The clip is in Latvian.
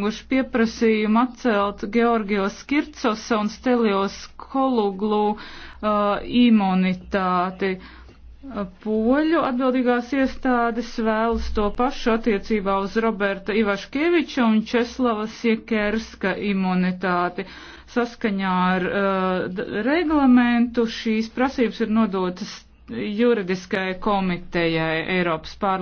iesnieguši pieprasījumu atcelt Georgios Kircosa un Stelios Koluglu uh, imunitāti. Uh, poļu atbildīgās iestādes vēlas to pašu attiecībā uz Roberta Ivaškeviča un Česlava Siekerska imunitāti. Saskaņā ar uh, reglamentu šīs prasības ir nodotas juridiskai komitejai Eiropas parlamentā.